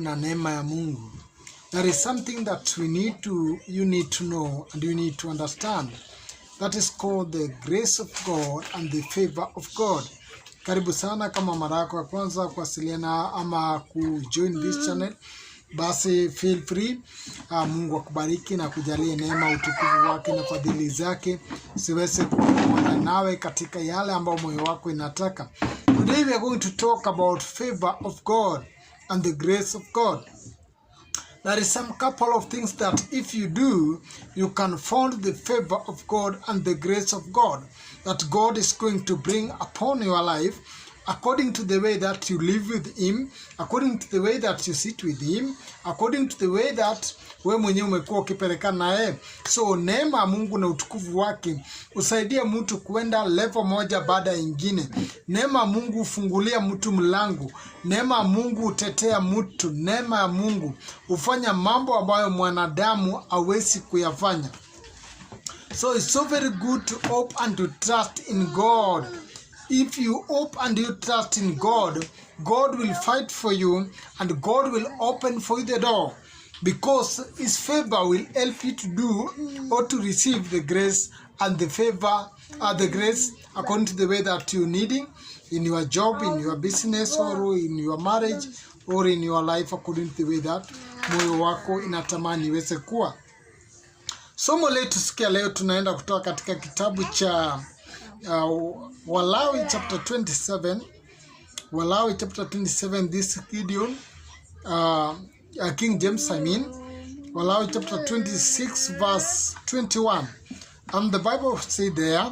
na neema ya Mungu. There is something that we need to, you need to know and you need to understand. That is called the grace of God and the favor of God. Karibu sana kama mara yako ya kwanza kuwasiliana ama kujoin this mm. channel, basi feel free. Uh, Mungu akubariki na kujalie neema, utukufu wake na fadhili zake siweze kuona nawe katika yale ambayo moyo wako inataka. Today we are going to talk about favor of God. and the grace of God. There is some couple of things that if you do, you can find the favor of God and the grace of God that God is going to bring upon your life according to the way that you live with him, according to the way that you sit with him, according to the way that we mwenyewe umekuwa ukipeleka naye. So neema ya Mungu na utukufu wake usaidie mtu kuenda level moja baada ya ingine. Neema ya Mungu ufungulia mtu mlango, neema ya Mungu utetea mtu, neema ya Mungu hufanya mambo ambayo mwanadamu awesi kuyafanya. So it's so very good to hope and to trust in God. If you hope and you trust in God, God will fight for you and God will open for you the door because His favor will help you to do or to receive the grace and the favor uh, the grace according to the way that you're needing in your job, in your business, or in your marriage, or in your life according to the way that moyo wako inatamani iweze kuwa. Somo letu siku ya leo tunaenda kutoka katika kitabu cha uh, Walawi chapter 27 Walawi chapter 27 this Gideon uh, uh, King James I mean Walawi chapter 26 verse 21 and the Bible say there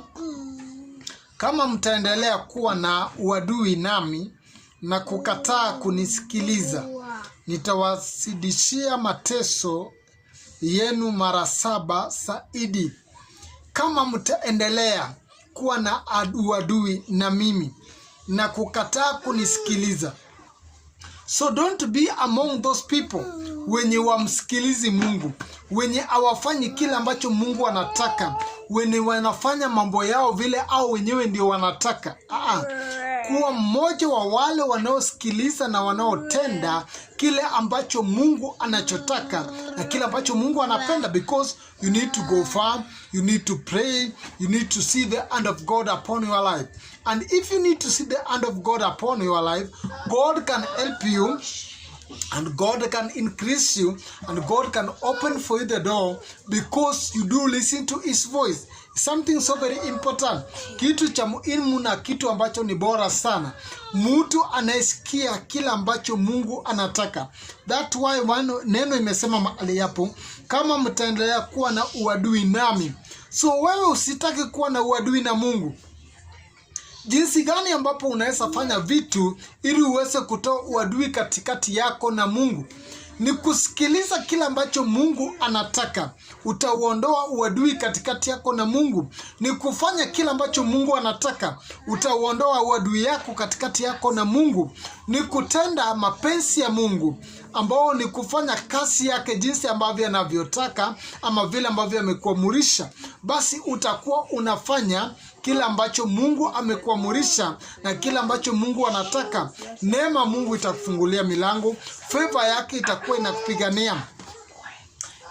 kama mtaendelea kuwa na uadui nami na kukataa kunisikiliza, nitawasidishia mateso yenu mara saba saidi Kama mtaendelea kuwa na uadui na mimi na kukataa kunisikiliza. So don't be among those people wenye wamsikilizi Mungu, wenye awafanyi kile ambacho Mungu anataka, wenye wanafanya mambo yao vile au wenyewe ndio wanataka. Aa. Ah, ah kuwa mmoja wa wale wanaosikiliza na wanaotenda kile ambacho Mungu anachotaka na kile ambacho Mungu anapenda, because you need to go far, you need to pray, you need to see the hand of God upon your life. And if you need to see the hand of God upon your life, God can help you and God can increase you and God can open for you the door because you do listen to his voice something so very important, kitu cha muhimu na kitu ambacho ni bora sana, mtu anayesikia kila ambacho Mungu anataka. That why one, neno imesema mahali hapo, kama mtaendelea kuwa na uadui nami. So wewe usitaki kuwa na uadui na Mungu. Jinsi gani ambapo unaweza fanya vitu ili uweze kutoa uadui katikati yako na Mungu? ni kusikiliza kila ambacho Mungu anataka. Utauondoa uadui katikati yako na Mungu. Ni kufanya kila ambacho Mungu anataka. Utauondoa uadui yako katikati yako na Mungu. Ni kutenda mapenzi ya Mungu ambao ni kufanya kasi yake jinsi ambavyo anavyotaka ama vile ambavyo amekuamurisha, basi utakuwa unafanya kila ambacho Mungu amekuamurisha na kila ambacho Mungu anataka. Neema Mungu itakufungulia milango, favor yake itakuwa inakupigania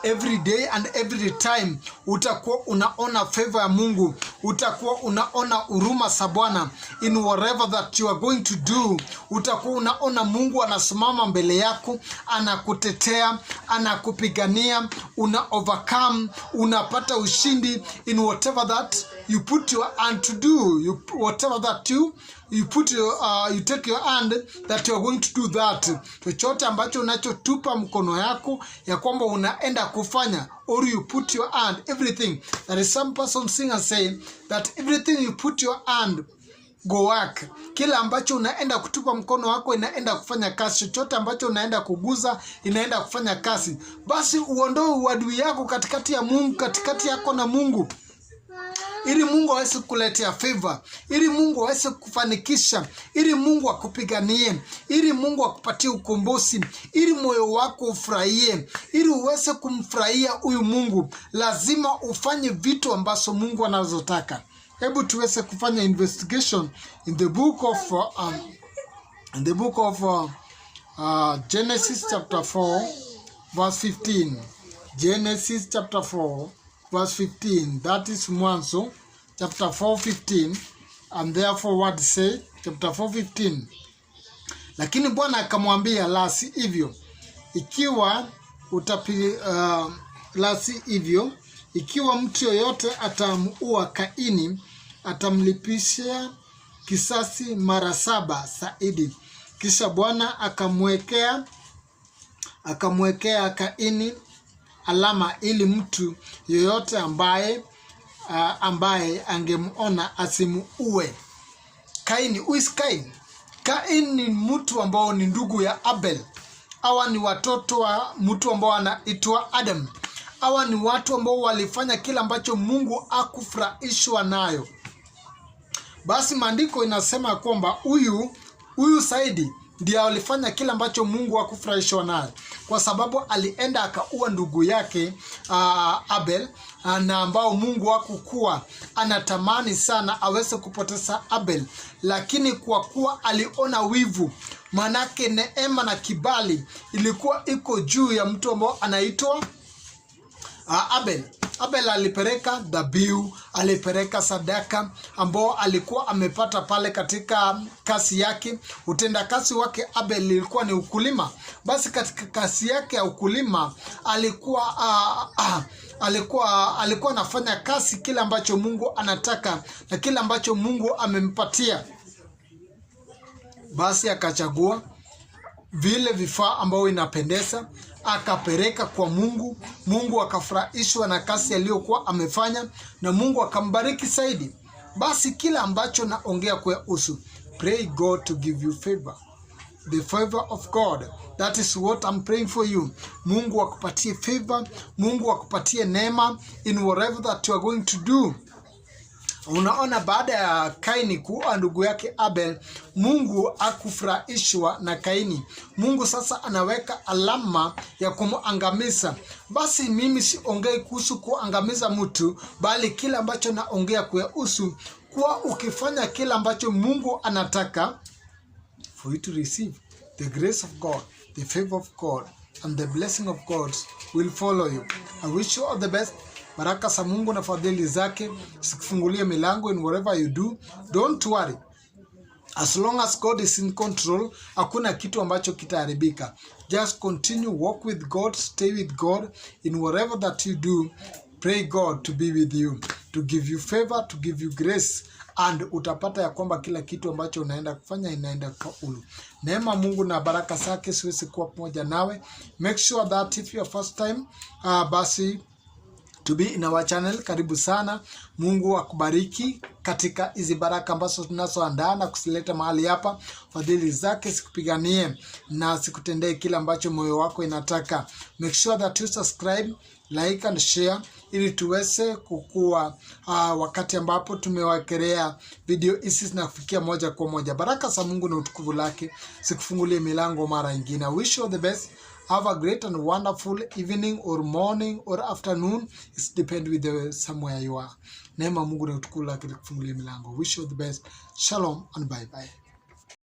every day and every time utakuwa unaona favor ya Mungu, utakuwa unaona huruma za Bwana in whatever that you are going to do. Utakuwa unaona Mungu anasimama mbele yako, anakutetea, anakupigania, una overcome, unapata ushindi in whatever that you put your hand to do you, whatever that you you put your, uh, you take your hand that you are going to do that. Chochote ambacho unachotupa mkono yako ya kwamba unaenda kufanya or you put your hand, everything. There is some person singer saying that everything you put your hand go work. Kila ambacho unaenda kutupa mkono wako inaenda kufanya kazi, chochote ambacho unaenda kuguza inaenda kufanya kazi. Basi uondoe uadui yako katikati ya Mungu, katikati yako na Mungu ili Mungu aweze kukuletea favor, ili Mungu aweze kufanikisha, ili Mungu akupiganie, ili Mungu akupatie ukombozi, ili moyo wako ufurahie, ili uweze kumfurahia huyu Mungu, lazima ufanye vitu ambazo Mungu anazotaka. Hebu tuweze kufanya investigation in the book of uh, um, in the book of uh, uh, Genesis chapter 4 verse 15. Genesis chapter 4 verse 15. That is Mwanzo chapter 4 15, and therefore what say chapter 4 15. Lakini Bwana akamwambia, lasi hivyo, ikiwa utapi, uh, lasi hivyo, ikiwa mtu yoyote atamuua Kaini atamlipishia kisasi mara saba zaidi. Kisha Bwana akamwekea akamwekea Kaini alama ili mtu yoyote ambaye uh, ambaye angemwona asimuue. Kaini, who is Kain? Kain ni mtu ambao ni ndugu ya Abel. Hawa ni watoto wa mtu ambao anaitwa Adam. Hawa ni watu ambao walifanya kila ambacho Mungu akufurahishwa nayo. Basi maandiko inasema kwamba huyu huyu Saidi ndiye alifanya kile ambacho Mungu hakufurahishwa naye, kwa sababu alienda akaua ndugu yake uh, Abel ah, na ambao Mungu hakukuwa anatamani sana aweze kupoteza Abel, lakini kwa kuwa aliona wivu, manake neema na kibali ilikuwa iko juu ya mtu ambao anaitwa uh, Abel Abel alipeleka dhabihu, alipeleka sadaka ambao alikuwa amepata pale katika kasi yake. Utendakazi wake Abel ilikuwa ni ukulima. Basi katika kasi yake ya ukulima alikuwa ah, ah, alikuwa alikuwa anafanya kazi kile ambacho Mungu anataka na kile ambacho Mungu amempatia. Basi akachagua vile vifaa ambayo inapendeza akapeleka kwa Mungu. Mungu akafurahishwa na kazi aliyokuwa amefanya na Mungu akambariki zaidi. Basi kila ambacho naongea usu, pray God to give you favor, the favor of God. That is what I'm praying for you. Mungu akupatie favor, Mungu akupatie neema in whatever that you are going to do. Unaona, baada ya Kaini kuua ndugu yake Abel, Mungu akufurahishwa na Kaini. Mungu sasa anaweka alama ya kumwangamiza. Basi mimi siongei kuhusu kuangamiza mtu, bali kile ambacho naongea kuyahusu kuwa ukifanya kile ambacho Mungu anataka for you to receive the grace of God, the favor of God and the blessing of God will follow you. I wish you all the best. Baraka za Mungu na fadhili zake sikufungulie milango in whatever you do. Don't worry. As long as God is in control, hakuna kitu ambacho kitaharibika. Just continue walk with God, stay with God in whatever that you do. Pray God to be with you, to give you favor, to give you grace and utapata ya kwamba kila kitu ambacho unaenda kufanya inaenda kaulu. Neema Mungu na baraka zake siwezi kuwa pamoja nawe. Make sure that if you are first time, uh, basi To Be in Our Channel, karibu sana. Mungu akubariki katika hizi baraka ambazo tunazoandaa na kusileta mahali hapa. Fadhili zake sikupiganie na sikutendee kile ambacho moyo wako inataka. Make sure that you subscribe, like and share ili tuweze kukua, uh, wakati ambapo tumewakerea video hizi zinakufikia moja kwa moja. Baraka za Mungu na utukufu lake sikufungulie milango mara nyingine. wish you the best. Have a great and wonderful evening or morning or afternoon. It's depend with the somewhere you are. Neema Mungu na utukufu lake likufungulie milango. Wish you the best. Shalom and bye bye.